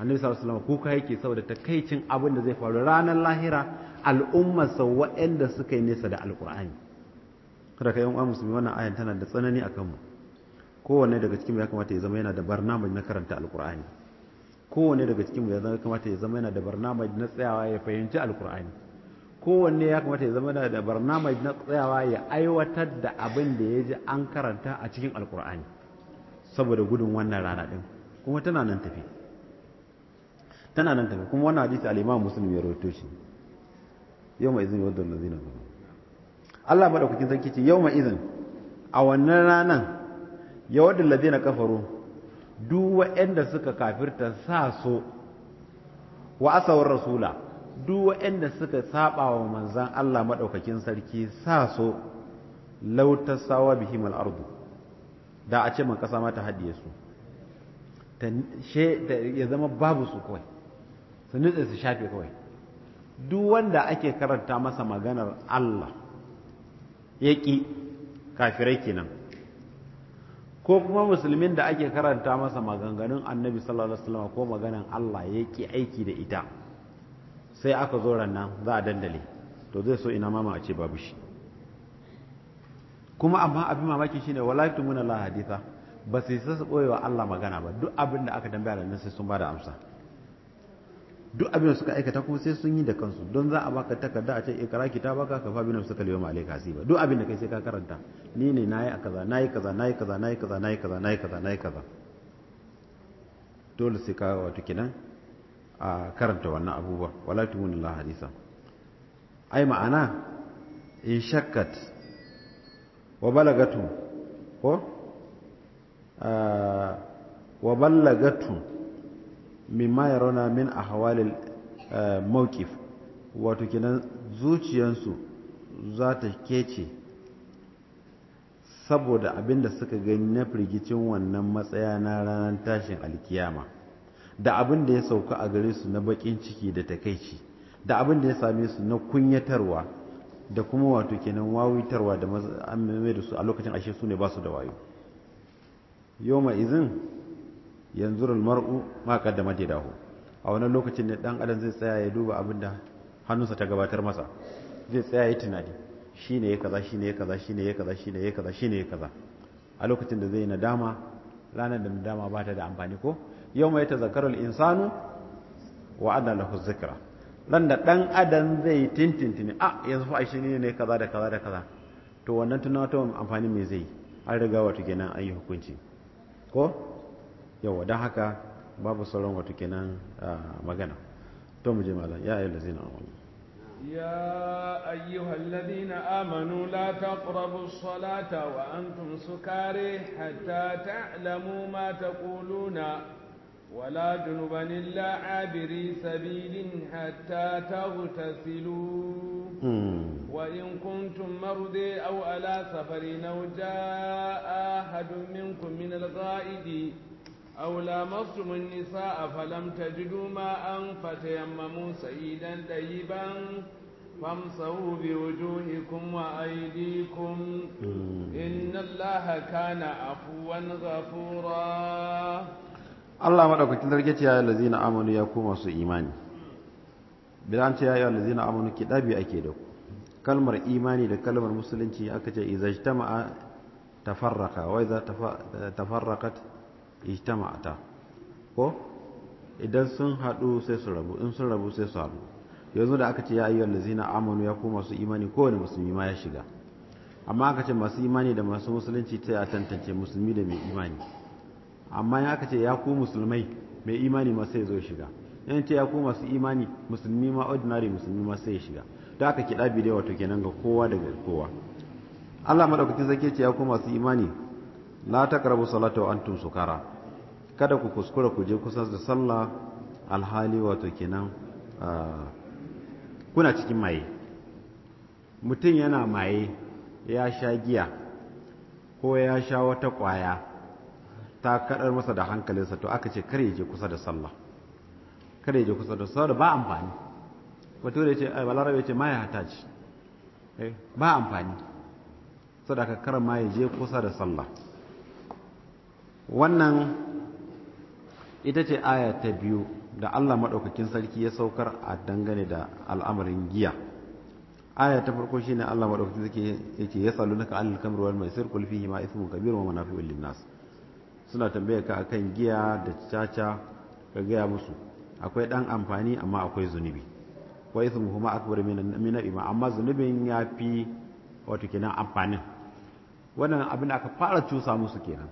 annabi sallallahu alaihi wasallam kuka yake saboda takaicin abin da zai faru ranar lahira al'ummarsa waɗanda suka yi nesa da alƙur'ani kada ka yi wa musulmi wannan ayan tana da tsanani a kanmu kowanne daga cikinmu ya kamata ya zama yana da barnamaj na karanta alƙur'ani kowanne daga cikinmu ya kamata ya zama yana da barnamaj na tsayawa ya fahimci alƙur'ani kowanne ya kamata ya zama yana da barnamaj na tsayawa ya aiwatar da abin da ya ji an karanta a cikin alƙur'ani saboda gudun wannan rana ɗin kuma tana nan tafi tana nan tafi kuma wannan hadisi al-Imam Muslim ya rawaito shi yau mai izin wadda na zina zama Allah maɗaukakin sarki ce yau mai izin a wannan ranar ya wadda lazi na kafaro duwa yadda suka kafirta sa so wa asawar rasula duwa yadda suka saba wa manzan Allah maɗaukakin sarki sa so lauta sawa bihim al'ardu da a ce man kasa mata haɗiye su ya zama babu su kawai su nutse su shafe kawai duk wanda ake karanta masa maganar Allah ya ƙi kafirai kenan ko kuma musulmin da ake karanta masa maganganun annabi sallallahu alaihi wasallam ko maganar Allah ya ƙi aiki da ita sai aka zo nan za a dandale to zai so ina mama a ce babu shi kuma amma abin mamaki shine wala tumuna la haditha ba sai su koyewa wa Allah magana ba duk abin da aka tambaya nan sai sun bada amsa duk abin suka aikata kuma sai sun yi da kansu don za a baka takarda a ce ikra eh, kitabaka ka fa bin suka liyo ma alayka hasiba duk abin da kai sai ka karanta ni ne nayi kaza nayi kaza nayi kaza nayi kaza nayi kaza nayi kaza nayi kaza dole sai ka wato kenan a karanta wannan abubuwa wala tumunillah hadisa ai ma'ana in shakkat wa balagatu ko ah, wa ballagatu mimma rauna min a hawalin eh, mawqif wato kenan zuciyansu za ta kece saboda abinda suka gani na firgicin wannan matsaya na ranar tashin alkiyama da abin da ya sauka a gare su na bakin ciki da takaici da abin da ya same su na kunyatarwa da kuma wato kenan wawitarwa da an mai da su a lokacin ashe su ne ba su da wayo yau mai izin yanzu mar'u ma kaddama dahu a wannan lokacin ne dan adam zai tsaya ya duba abin da hannunsa ta gabatar masa zai tsaya ya tunani shine ya kaza shine ya kaza shine ya kaza shine ya kaza shine ya kaza a lokacin da zai nadama ranar da nadama ba ta da amfani ko yawma yatazakkaru al-insanu wa anna lahu zikra ran da dan adam zai tintintini a ah, yanzu fa shi ne ne kaza da kaza da kaza to wannan tunatawa amfani mai zai an riga wato kenan an yi hukunci ko yawa don haka babu sauran wato kenan magana to mu je malam ya ayyuhal ladina amanu ya ayyuhal ladina amanu la taqrabu salata wa antum sukari hatta ta'lamu ma taquluna ولا جنبا إلا عابر سبيل حتى تغتسلوا وإن كنتم مرضي أو على سفر أو جاء أحد منكم من الغائد أو لامستم النساء فلم تجدوا ماء فتيمموا سعيدا طيبا فامسحوا بوجوهكم وأيديكم إن الله كان عفوا غفورا Allah madaukakin sarki ya yi lazina amanu ya koma su imani bidan ce ya yi ake da kalmar imani da kalmar musulunci aka ce idza ijtama'a wa idza tafarraqat ijtama'ata ko idan sun haɗu sai su rabu in sun rabu sai su haɗu yanzu da aka ce ya ayyuhal ladzina amanu ya kuma masu imani kowane musulmi ma ya shiga amma aka ce masu imani da masu musulunci sai a tantance musulmi da mai imani amma ya aka ce ya ku musulmai mai imani ma sai zo shiga yan ce ya ku masu imani musulmi ma ordinary musulmi ma sai shiga da aka kiɗa bidiyo wato kenan ga kowa daga kowa Allah madaukakin sarki ce ya ku masu imani la taqrabu salata wa antum sukara kada ku kuskura ku je kusa da sallah alhali wato kenan kuna cikin maye mutum yana maye ya sha giya ko ya sha wata ƙwaya ta kaɗar masa da hankalinsa to aka ce kar ya je kusa da sallah kar ya je kusa da sallah ba amfani wato da ce balarabe ce ma ya hata eh, ba amfani sadaka kar ma ya je kusa da sallah wannan ita ce aya ta biyu da Allah maɗaukakin sarki ya saukar a dangane da al'amarin giya aya ta farko shine Allah maɗaukakin sarki yake ya salu naka anil kamar wal mai sir kulfi ma ismun kabir wa manafi'ul linnas suna tambaye ka akan giya da caca ka gaya musu akwai dan amfani amma akwai zunubi wa ismu huma akbar min ma amma zunubin ya fi wato amfanin wannan abin da aka fara cusa musu kenan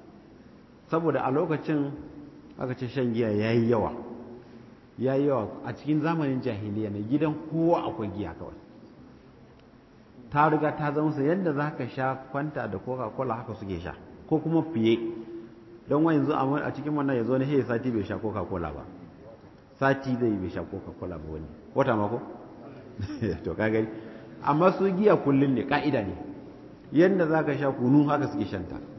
saboda a lokacin aka ce shan giya ya yi yawa ya yi yawa a cikin zamanin jahiliya ne gidan kowa akwai giya kawai ta riga ta zama su yadda za ka sha kwanta da coca cola haka suke sha ko kuma fiye don wa yanzu a cikin wannan ya zo ne sati bai sha coca cola ba sati zai bai sha coca cola ba wani wata mako to ka gani amma su giya kullum ne ka'ida ne yadda za ka sha kunu haka suke shanta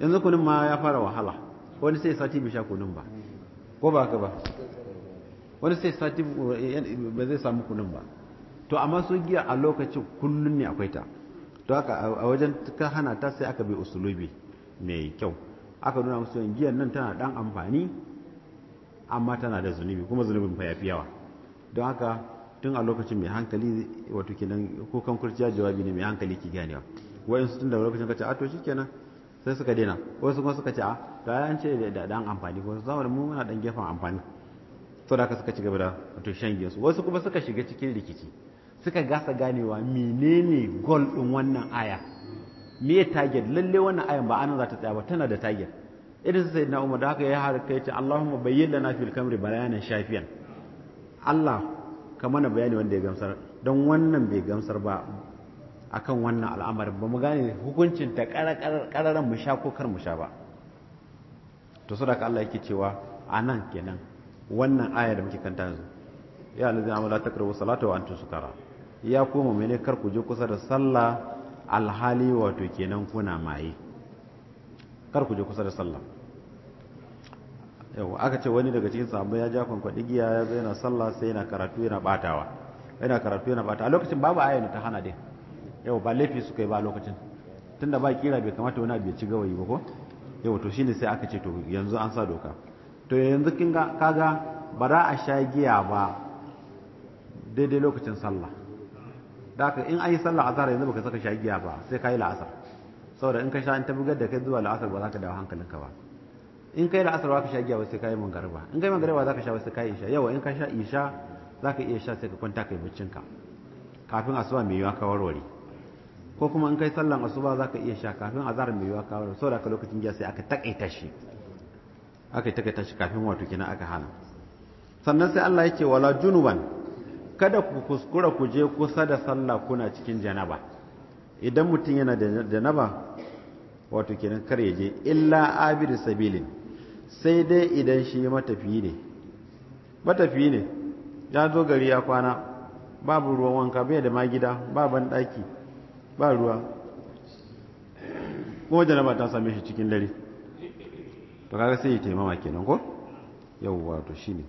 yanzu kunin ma ya fara wahala wani sai sati bai sha kunin ba ko ba ka ba wani sai sati eh, ba zai samu kunin ba to amma su giya a lokacin kullun ne akwai ta to aka a wajen ka hana ta sai aka bi usulubi mai kyau aka nuna musu yin giyan nan tana dan amfani amma tana da zunubi kuma zunubin fa yafi yawa don haka tun a lokacin mai hankali wato kenan kan kurciya jawabi ne mai hankali ki ganewa wa'in su tun da lokacin kace a to shikenan sai suka daina wasu kuma suka ce a ah, an ce da dan amfani ko saboda mu muna dan gefan amfani to da suka ci gaba da wato shan su wasu kuma suka shiga cikin rikici suka gasa ganewa menene goal din wannan aya me target lalle wannan ayan ba anan za ta tsaya ba tana da target idan sai na umar da haka ya har kai ce Allahumma bayyin lana fil kamri bayanan shafiyan Allah ka mana bayani wanda ya gamsar don wannan bai gamsar ba akan wannan al'amarin ba mu gane hukuncin ta ƙararren mu sha ko kar mu sha ba to sadaka Allah yake cewa a nan kenan wannan aya da muke kanta yanzu ya alladhina amala ta karbo salata wa antu sukara ya koma mene kar ku je kusa da sallah alhali wato kenan kuna maye kar ku je kusa da sallah yau aka ce wani daga cikin sahabbai ya ja kwankwaɗi giya ya zo yana sallah sai yana karatu yana batawa yana karatu yana bata a lokacin babu aya ta hana din yau ba laifi suka yi ba lokacin tun da ba kira bai kamata wani abu ci gawayi ba ko yau to shine sai aka ce to yanzu an sa doka to yanzu kin ga kaga ba za a sha giya ba daidai lokacin sallah da ka in an yi sallah a zara yanzu baka saka sha giya ba sai ka yi la'asar saboda in ka sha in ta bugar da kai zuwa la'asar ba za ka dawo hankalinka ba in kai la'asar ba ka sha giya ba sai ka yi mangariba in kai mangariba za ka sha ba sai ka yi isha yawa in ka sha isha za ka iya sha sai ka kwanta ka yi baccinka kafin asuba mai yiwa ka warware ko kuma in kai sallan asuba za ka iya sha kafin azhar mai yiwa kawo sau da ka lokacin jiya sai aka takaita shi aka takaita shi kafin wato kina aka hana sannan sai Allah yake wala junuban kada ku kuskura ku je kusa da sallah kuna cikin janaba idan mutum yana da janaba wato kenan kar ya je illa abir sabilin sai dai idan shi matafiyi ne matafiyi ne ya zo gari ya kwana babu ruwan wanka bai da magida ba ban daki ba ruwa kuma janaba ta same shi cikin dare to kaga sai ya taimama kenan ko yawwa to ne.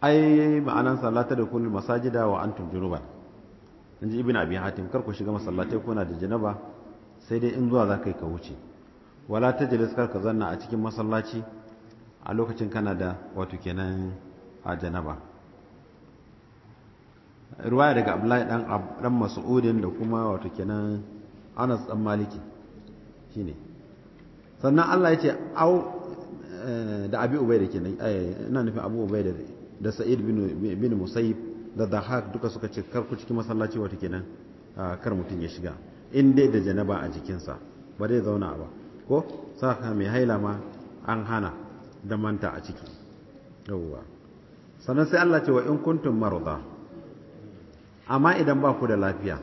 ai ma'anan sallata da kullum masajida wa antum junuban inji ji abi hatim kar ku shiga masallatai kuna da janaba sai dai in zuwa za ka yi ka wuce wala ta jalis karka ka zanna a cikin masallaci a lokacin kana da wato kenan a janaba ruwaya daga abdullahi dan dan mas'udin da kuma wato kenan anas dan maliki shine sannan Allah ya ce au eh, da abi ubaida kenan eh, ina nufin abu ubaida da sa'id bin bin musayyib da dahak duka suka ce kar ku cikin masallaci wato kenan kar mutum ya shiga in dai da janaba a jikinsa ba zai zauna ba ko saka mai haila ma an hana da manta a ciki yawwa sannan sai Allah ce wa in kuntum marada amma idan ba ku da lafiya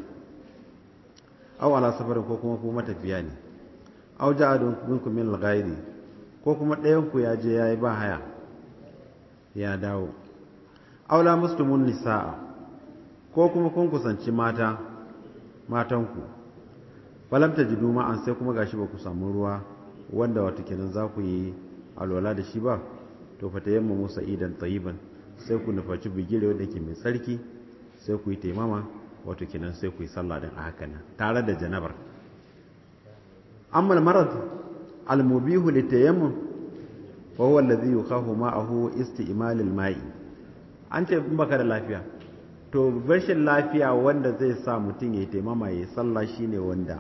Au ala safarin ko kuma ku matafiya ne aw ja'adun minkum min al ko kuma ɗayan ku ya je yayi ba haya ya dawo Au la muslimun nisaa ko kuma kun kusanci mata matanku falam ji duma an sai kuma gashi ba ku samu ruwa wanda wata kenan za ku yi alwala da shi ba to yamma musa idan tayyiban sai ku nufaci bigire wanda ke mai tsarki sai ku yi taimama wato kenan sai ku yi sallah din a haka nan tare da janabar amma marad al-mubihu li tayammum fa huwa alladhi yukhafu ma'ahu isti'mal al-ma'i an ce in baka da lafiya to rashin lafiya wanda zai sa mutum ya taimama ya sallah shine wanda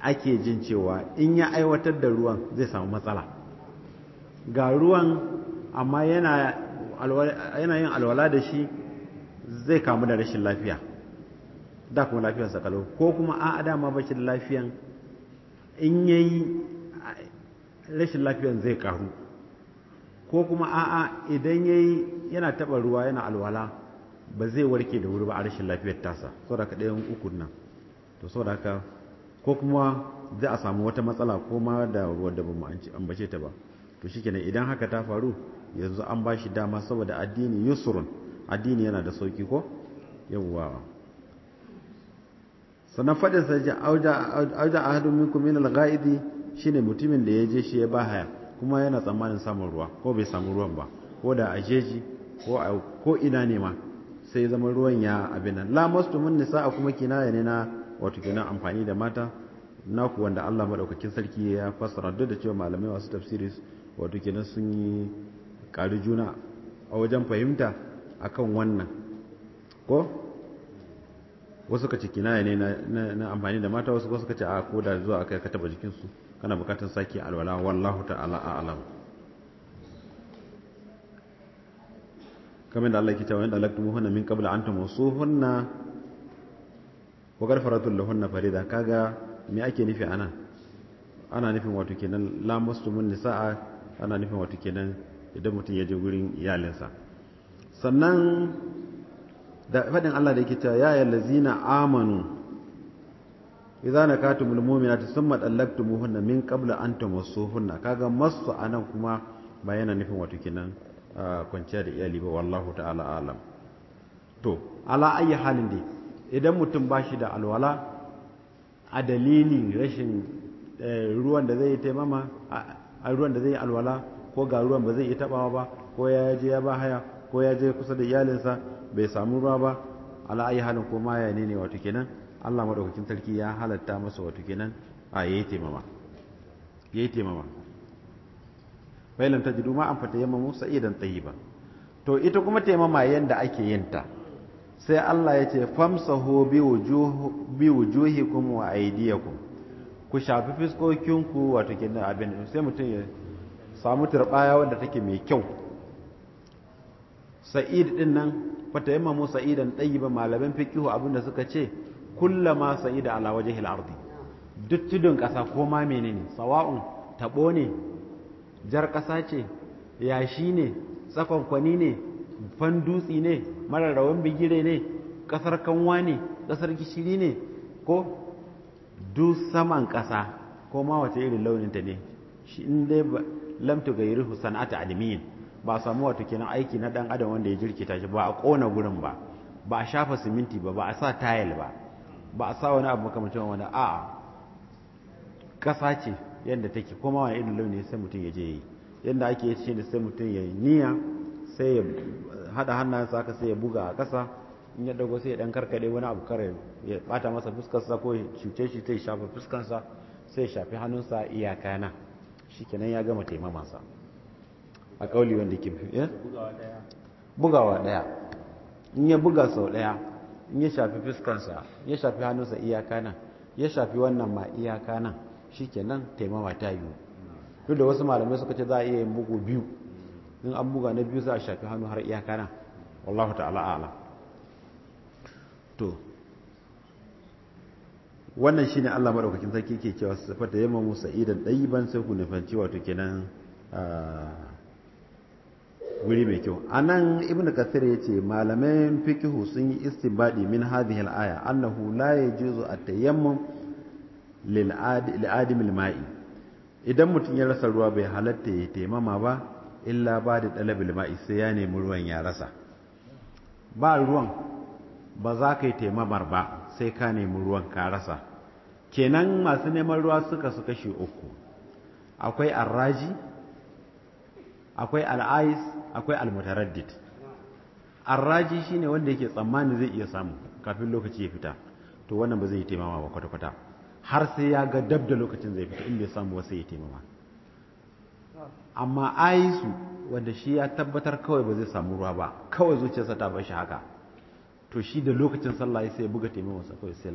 ake jin cewa in ya aiwatar da ruwan zai samu matsala ga ruwan amma yana yin alwala da shi zai kamu da rashin lafiya da kuma lafiyar sakalo ko kuma a dama bashin lafiyan in yayi rashin lafiyan zai karu ko kuma a'a idan yayi yana taba ruwa yana alwala ba zai warke da wuri ba a rashin lafiyar tasa saboda ka ɗayan uku nan to saboda ka ko kuma zai a samu wata matsala ko ma da wadda da an ambace ta ba to shikenan idan haka ta faru yanzu an bashi dama saboda addini yusrun addini yana da sauki ko yawwa sannan faɗin sa ce auja ahadun minku min al-ghaidi shine mutumin da ya je shi ya ba haya kuma yana tsammanin samun ruwa ko bai samu ruwan ba ko da a jeji ko ina ne ma sai zama ruwan ya abin nan la mastumun nisaa kuma kina ne na wato kenan amfani da mata na ku wanda Allah madaukakin sarki ya fassara duk da cewa malamai wasu tafsiris wato kenan sun yi ƙari juna a wajen fahimta akan wannan ko wasu ka ce kinaya ne na amfani da mata wasu wasu ka ce a ko da zuwa aka ka taba jikinsu kana bukatar sake alwala wallahu ta'ala a a'lam kamar da Allah ke cewa inda hunna min qabla an wasuhunna wa qad lahunna farida kaga me ake nufi anan ana nufin wato kenan la muslimun nisaa ana nufin wato kenan idan mutum ya je gurin iyalinsa sannan da faɗin Allah da yake cewa ya lazina amanu idza nakatumul mu'minati thumma muhunna, min qabla an tamassuhunna kaga masu a nan kuma ba yana nufin wato kinan kwanciya da iyali ba wallahu ta'ala alam to ala ayi halin dai idan mutum ba shi da alwala a dalilin rashin eh, ruwan da zai taimama a ruwan da zai alwala ko ga ruwan ba zai yi tabawa ba ko ya je ya ba haya ko ya je kusa da iyalinsa bai samu ruwa ba ala ayi halin ko ma ya ne wato kenan Allah madaukakin sarki ya halatta masa wato kenan a yayi taimama yayi taimama bai lam tajidu ma an musa idan tayyiba to ita kuma taimama yanda ake yin ta sai Allah ya ce famsahu bi wujuhikum wa aydiyakum ku shafi fiskokinku wato kenan abin sai mutum ya samu turbaya wanda take mai kyau sa'id din nan fata yamma mu sa'idan ba malaman abin abinda suka ce kullama sa'ida ala wajhi al duk tudun ƙasa, ko ma menene sawa'un tabo ne jar ƙasa ce yashi ne tsakon ne fan dutsi ne mararrawan bigire ne Ƙasar kanwa ne Ƙasar gishiri ne ko duk saman kasa ko ma wace irin launin ta ne shi in dai lam tugayrihu san'ata adamiyin ba samu wata kenan aiki na dan adam wanda ya jirkita shi ba a kona gurin ba ba a shafa siminti ba ba a sa tayil ba ba a sa wani abu makamacin wani a'a kasa ce yadda take kuma wani irin launi sai mutum ya je yi yadda ake yi shi sai mutum ya niya sai ya hada hannayensa haka sai ya buga a kasa in ya dago sai ya dan karkaɗe wani abu kare ya bata masa fuskarsa ko cuce shi sai ya shafa fuskarsa sai ya shafi hannunsa iyaka na kenan ya gama taimamansa a kauli wanda ke fi eh? bugawa daya in ya buga sau daya in ya shafi fuskarsa ya shafi hannunsa iyaka nan ya shafi wannan ma iyaka nan shikenan taimawa ta wa duk da wasu malamai suka ce za a iya yin bugu biyu in an buga na biyu za a shafi hannu har iyaka nan wallahu ta'ala ala to wannan shine Allah madaukakin sarki ke cewa sifata yamma Musa idan dayiban sai ku nufanci wato kenan ah, guri mai kyau anan ibn kasir ya ce malamin fikihu sun yi istinbadi min hadhihi al-aya annahu la yajuzu at-tayammum lil'adi adimil idan mutum ya rasa ruwa bai halatta ya taimama ba illa ba da dalabil ma'i sai ya nemi ruwan ya rasa ba ruwan ba za ka yi taimamar ba sai ka nemi ruwan ka rasa kenan masu neman ruwa suka su kashe uku akwai arraji akwai al'ais akwai almutaraddid arraji shine wanda yake tsammani zai iya samu kafin lokaci ya fita to wannan ba zai yi taimama ba kwata kwata har sai ya ga dab da lokacin zai fita in bai samu wasu sai ya taimama amma aisu wanda shi ya tabbatar kawai ba zai samu ruwa ba kawai zuciyarsa ta bai shi haka to shi da lokacin sallah sai ya buga taimamansa kawai sai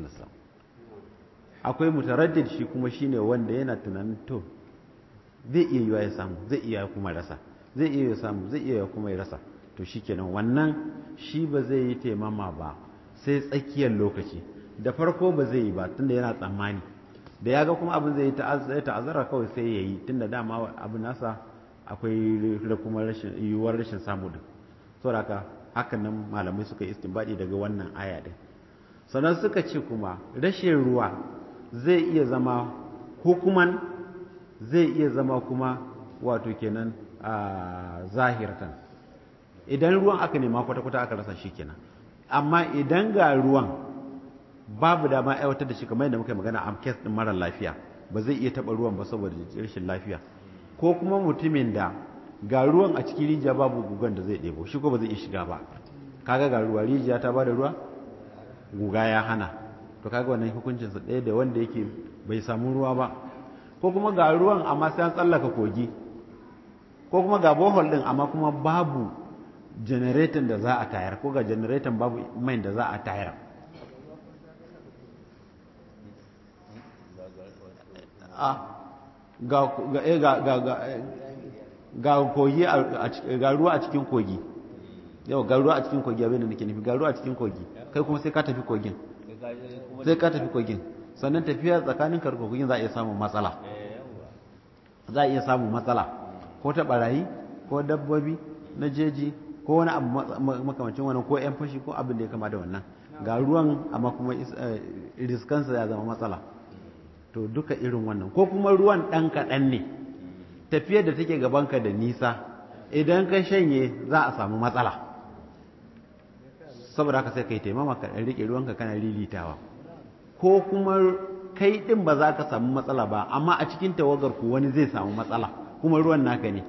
akwai mutaraddid shi kuma shine wanda yana tunanin to zai iya yiwa ya samu zai iya kuma rasa zai iya samu zai iya kuma ya rasa to shi shikenan wannan shi ba zai yi taimama ba sai tsakiyar lokaci da farko ba zai yi ba tunda yana tsammani da ya ga kuma abin zai yi ta'azzara kawai sai ya yi tunda dama abin nasa akwai kuma yiwuwar rashin samu din saboda haka nan malamai suka yi istinbadi daga wannan aya din sannan suka ce kuma rashin ruwa zai iya zama hukuman zai iya zama kuma wato kenan zahiratan idan ruwan aka nema kwata-kwata aka rasa shi kenan amma idan ga ruwan babu dama aiwatar da shi kamar yadda muka magana a kes din mara lafiya ba zai iya taɓa ruwan ba saboda rashin lafiya ko kuma mutumin da ga ruwan a cikin rijiya babu gugan da zai ɗebo shi ko ba zai iya shiga ba kaga ga ruwa rijiya ta bada ruwa guga ya hana to kaga wannan hukuncin sa ɗaya da wanda yake bai samu ruwa ba ko kuma ga ruwan amma sai an tsallaka kogi ko kuma ga bohol din amma kuma babu generator da za a tayar ko ga generator babu main da za a tayar ga ruwa a cikin kogi yau ga ruwa a cikin kogi abinda nake nufi ga ruwa a cikin kogi kai kuma sai ka tafi kogin sai ka tafi kogin sannan tafiya tsakanin karkogin za a iya samun matsala za a iya samun matsala ko ta barayi ko dabbobi na jeji ko wani abu makamacin wannan ko yan fashi ko abin da ya kama da wannan ga ruwan amma kuma eh, riskansa ya zama matsala to duka irin wannan ko kuma ruwan ɗan kaɗan ne tafiyar da take ka da nisa idan ka shanye za a samu matsala saboda haka sai kai taimama ka ɗan riƙe ruwanka kana lilitawa ko kuma kai ɗin ba za ka samu matsala ba amma a cikin tawagar ku wani zai samu matsala kuma ruwan naka ne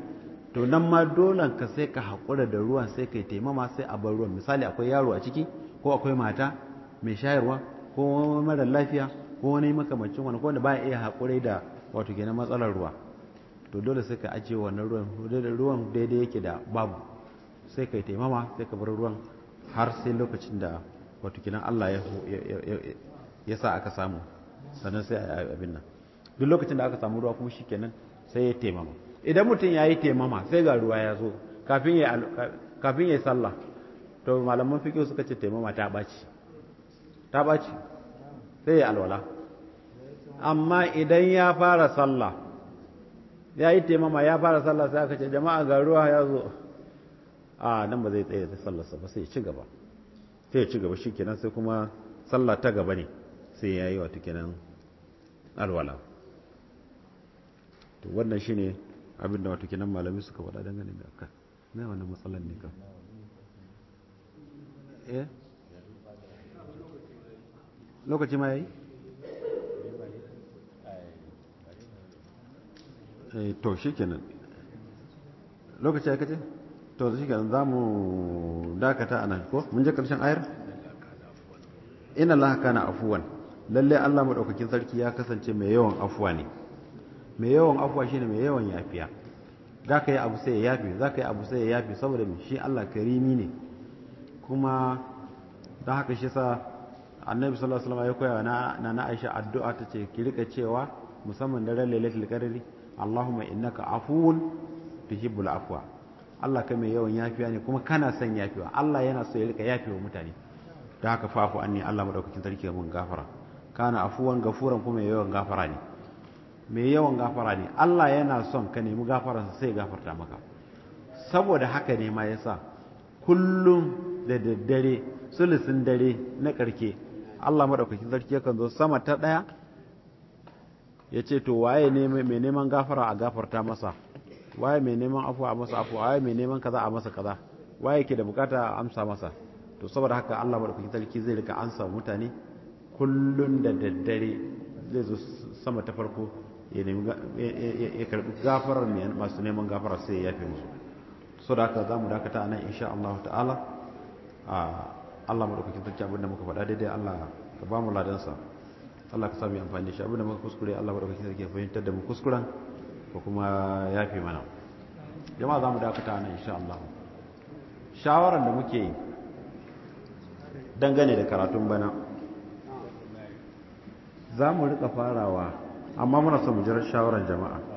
to nan ma dolan ka sai ka haƙura da ruwan sai ka taimama sai a bar ruwan misali akwai yaro a ciki ko akwai mata mai shayarwa ko mara lafiya ko wani makamancin wani ko wanda ba iya haƙura da wato kenan matsalar ruwa to dole sai ka ajiye wannan ruwan ruwan daidai yake da babu sai ka taimama sai ka bar ruwan har sai lokacin da wato kenan Allah ya sa aka samu sannan sai a abin nan duk lokacin da aka samu ruwa kuma kenan. sai ya taimama idan mutum ya yi taimama sai ga ruwa ya zo kafin ya yi sallah to malaman fiqh suka ce taimama ta ɓaci ta ɓaci sai ya alwala amma idan ya fara sallah ya yi taimama ya fara sallah sai aka ce jama'a ga ruwa ya zo a nan ba zai tsaye da sallarsa ba sai ya ci gaba sai ya ci gaba shi kenan sai kuma sallah ta gaba ne sai ya yi wata kenan alwala to wannan shine abin da wato kenan malamin suka faɗa dangane da aka na wannan matsalan ne kan eh lokaci ma yayi eh to shikenan lokaci ya kace to shikenan zamu dakata anan ko mun je karshen ayar inna allaha kana afuwan lalle Allah madaukakin sarki ya kasance mai yawan afuwa ne mai yawan afuwa shine mai yawan yafiya za ka yi abu sai ya yafi za ka yi abu sai ya yafi saboda shi Allah karimi ne kuma don haka shi sa annabi sallallahu alaihi ya koya na na Aisha addu'a ta ce ki rika cewa musamman da ran lailatul qadri Allahumma innaka afuwun tuhibbul afwa Allah ka mai yawan yafiya ne kuma kana son yafiwa Allah yana so ya rika yafiwa mutane don haka fafu anni Allah madaukakin sarki mun gafara kana afuwan gafuran kuma yawan gafara ne mai yawan gafara ne Allah yana son ka nemi gafararsa sai gafarta maka saboda haka ne ma yasa kullum da daddare sulusin dare na karke Allah madaukaki sarki yakan zo sama ta daya ya ce to waye ne mai neman gafara a gafarta masa waye mai neman afu a masa afu waye mai neman kaza a masa kaza waye ke da bukata a amsa masa to saboda haka Allah madaukaki sarki zai rika ansa mutane kullum da daddare zai zo sama ta farko ya karbi gafarar masu neman gafara sai ya yafe musu so da haka za mu dakata nan insha Allah ta'ala Allah dauki tantance abin da muka faɗa daidai Allah ka ba mu ladansa Allah ka sa mu amfani da shi abin da muka kuskure Allah madaukakin sarki ya fahimtar da mu kuskuren ko kuma yafe mana jama'a za mu dakata nan insha Allah shawaran da muke yi dangane da karatun bana za mu rika farawa amma muna son mu jira shawarar jama'a